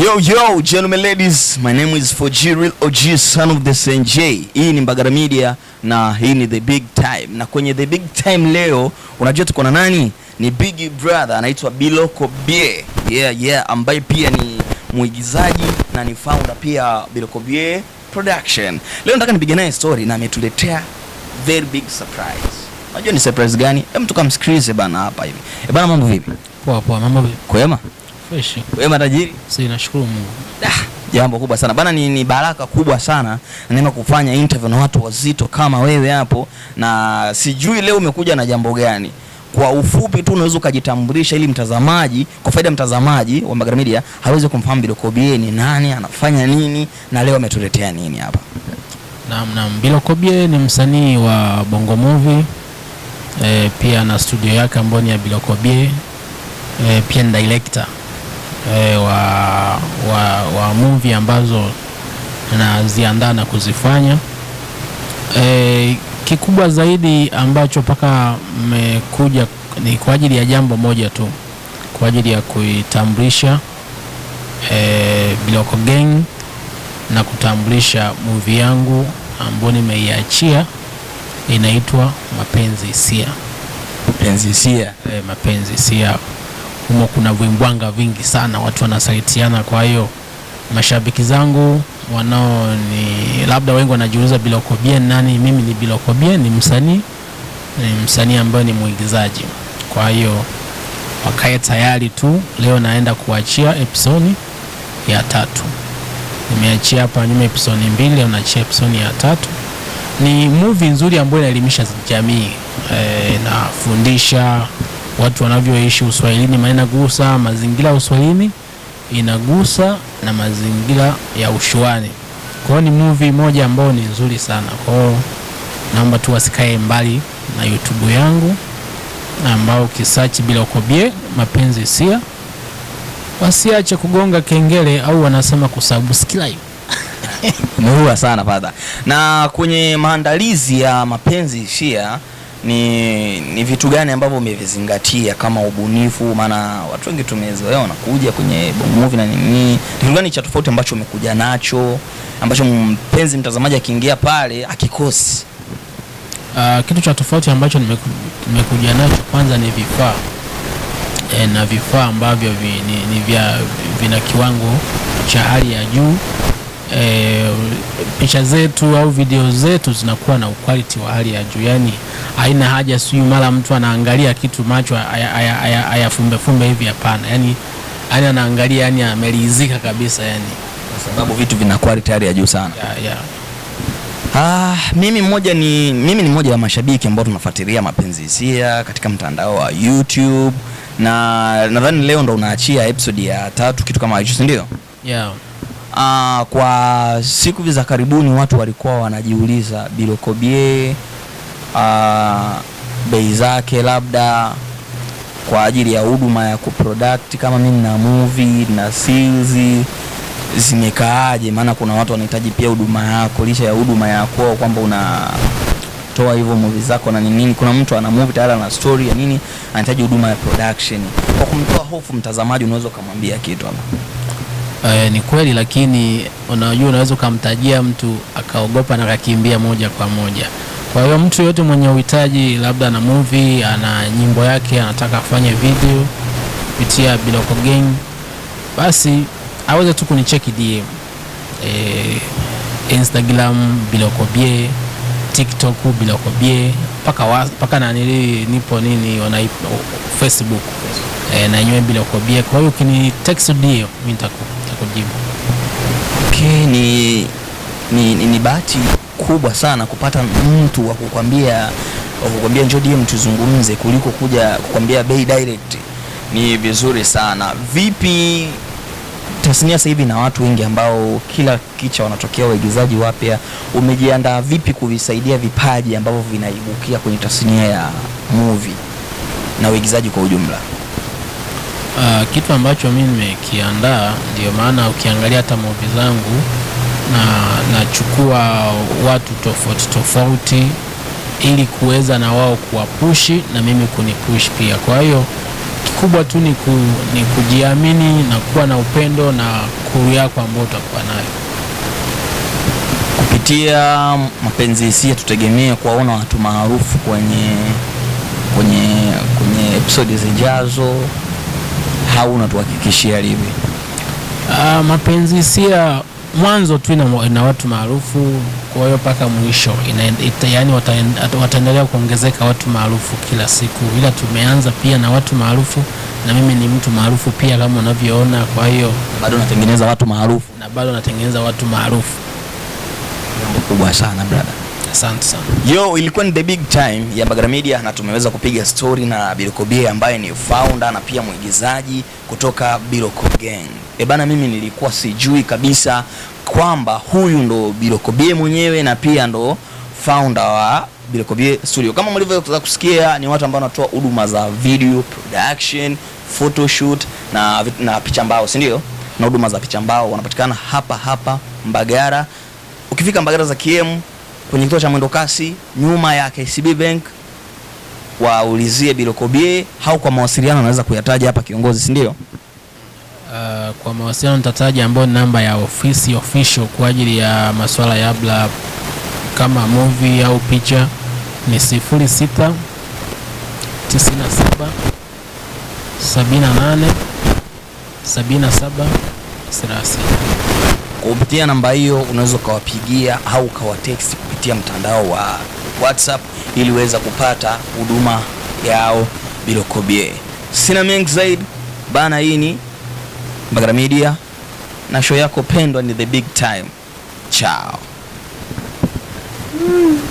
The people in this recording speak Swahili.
Yo yo, gentlemen ladies, my name is Fojiril OG son of the SNJ. Hii ni Mbagala Media na hii ni The Big Time. Na kwenye The Big Time leo unajua tuko na nani? Ni Big Brother anaitwa Biloko Bie. Yeah yeah, ambaye pia ni mwigizaji na ni founder pia Biloko Bie Production. Leo nataka nipige naye story na ametuletea very big surprise. Unajua ni surprise gani? Hebu tukamsikilize bana hapa hivi. E bana, mambo vipi? Poa poa, mambo vipi? Kwema? Fresh. Wewe matajiri? nashukuru Mungu. Ah, jambo kubwa sana. Bana ni, ni baraka kubwa sana naema kufanya interview na watu wazito kama wewe hapo na sijui leo umekuja na jambo gani. Kwa ufupi tu unaweza ukajitambulisha ili mtazamaji, kwa faida mtazamaji wa Mbagala Media hawezi kumfahamu Biloko ni nani, anafanya nini na leo ametuletea nini hapa. Naam, naam. Biloko ni msanii wa Bongo Movie. E, pia na studio yake ambayo ni ya Biloko E, eh, pia ni director e, wa, wa, wa movie ambazo naziandaa na kuzifanya e, kikubwa zaidi ambacho mpaka mmekuja ni kwa ajili ya jambo moja tu, kwa ajili ya kuitambulisha e, Biloko Gang na kutambulisha movie yangu ambayo nimeiachia inaitwa Mapenzi Hisia. Mapenzi Hisia, e, Mapenzi Hisia humo kuna vimbwanga vingi sana, watu wanasaitiana. Kwa hiyo mashabiki zangu wanao ni labda wengi wanajiuliza Bilokobie nani? Mimi ni Bilokobie, ni msanii, ni msanii ambaye ni mwigizaji. Kwa hiyo wakae tayari tu, leo naenda kuachia episodi ya tatu. Nimeachia hapa nyuma episodi mbili, leo naachia episodi ya tatu. Ni movie nzuri ambayo inaelimisha jamii, eh, inafundisha e, watu wanavyoishi uswahilini, maana inagusa mazingira ya uswahilini, inagusa na mazingira ya ushuani. Kwa hiyo ni movie moja ambayo ni nzuri sana. Kwa hiyo naomba tu wasikae mbali na YouTube yangu ambao ukisearch bila ukobie mapenzi sia, wasiache kugonga kengele au wanasema kusubscribe. Umeua sana fadha. Na kwenye maandalizi ya mapenzi sia ni, ni vitu gani ambavyo umevizingatia kama ubunifu? Maana watu wengi tumezoea wanakuja kwenye bongo movie na nini, kitu gani cha tofauti ambacho umekuja nacho ambacho mpenzi mtazamaji akiingia pale akikosi? Uh, kitu cha tofauti ambacho nimekuja nacho kwanza ni vifaa e, na vifaa ambavyo vi, ni, ni vya vina kiwango cha hali ya juu picha zetu au video zetu zinakuwa na ukwaliti wa hali ya juu. Yani haina haja sijui mara mtu anaangalia kitu macho ayafumbefumbe hivi, hapana. Yani yani anaangalia yani ameridhika kabisa yani, kwa sababu vitu vina quality hali ya juu sana yeah, yeah. Ah, mimi mmoja ni mimi ni mmoja wa mashabiki ambao tunafuatilia mapenzi hisia katika mtandao wa YouTube na nadhani leo ndo unaachia episode ya tatu kitu kama hicho, si ndio? Yeah. Uh, kwa siku za karibuni watu walikuwa wanajiuliza Bilokobie uh, ah, bei zake labda kwa ajili ya huduma ya kuproduct kama mimi na movie na series zimekaaje? Maana kuna watu wanahitaji pia huduma yako licha ya huduma yako kwamba unatoa hivyo movie zako na nini. Kuna mtu ana movie tayari na story ya nini, anahitaji huduma ya production. Kwa kumtoa hofu mtazamaji, unaweza ukamwambia kitu hapa e, ni kweli, lakini unajua unaweza ukamtajia mtu akaogopa na akakimbia moja kwa moja. Kwa hiyo mtu yote mwenye uhitaji, labda na movie, ana nyimbo yake, anataka afanye video kupitia Biloko Gang, basi aweze tu kunicheki DM e, eh, Instagram Biloko Bie, TikTok Biloko Bie paka, paka nanili nipo nini wana Facebook e, na nyewe Biloko Bie. Kwa hiyo ukini text DM mimi nitakupa kujibu. Okay, ni, ni, ni, ni bahati kubwa sana kupata mtu wa kukwambia wa kukwambia njoo DM tuzungumze kuliko kuja kukwambia bei direct. Ni vizuri sana. Vipi tasnia sasa hivi na watu wengi ambao kila kicha wanatokea waigizaji wapya, umejiandaa vipi kuvisaidia vipaji ambavyo vinaibukia kwenye tasnia ya movie na uigizaji kwa ujumla? Uh, kitu ambacho mimi nimekiandaa, ndio maana ukiangalia hata movi zangu na nachukua watu tofauti tofauti ili kuweza na wao kuwapushi na mimi kunipush pia. Kwa hiyo kikubwa tu ni, ku, ni kujiamini na kuwa na upendo na kuru yako ambayo utakuwa nayo kupitia mapenzi hisia. Tutegemee kuwaona watu maarufu kwenye, kwenye, kwenye episodi zijazo au unatuhakikishia lipi? Uh, ah, mapenzi si mwanzo tu na, na watu maarufu, kwa hiyo mpaka mwisho yani wataendelea kuongezeka watu maarufu kila siku, ila tumeanza pia na watu maarufu na mimi ni mtu maarufu pia kama unavyoona, kwa hiyo bado natengeneza watu maarufu na bado natengeneza watu maarufu. Jambo kubwa sana brother. Asante sana. Yo, ilikuwa ni the big time ya Bagara Media na tumeweza kupiga story na Birokobie ambaye ni founder na pia mwigizaji kutoka Biroko Gang. E bana, mimi nilikuwa sijui kabisa kwamba huyu ndo Birokobie mwenyewe na pia ndo founder wa Birokobie Studio. Kama mlivyoweza kusikia, ni watu ambao wanatoa huduma za video production, photoshoot na, na picha mbao, si ndio? Na huduma za picha mbao wanapatikana hapa hapa Mbagara. Ukifika Mbagara za Kiemu kwenye kituo cha mwendokasi nyuma ya KCB Bank waulizie Bilokobie au kwa mawasiliano anaweza kuyataja hapa kiongozi, si ndio? Uh, kwa mawasiliano nitataja ambayo namba ya ofisi official kwa ajili ya masuala ya abla kama movie au picha ni 06 97 78 77 30. Kupitia namba hiyo unaweza ukawapigia au ukawatext kupitia mtandao wa WhatsApp ili uweza kupata huduma yao bila kobie. Sina mengi zaidi bana, hii ni Mbagala Media na show yako pendwa ni The Big Time. Chao. Mm.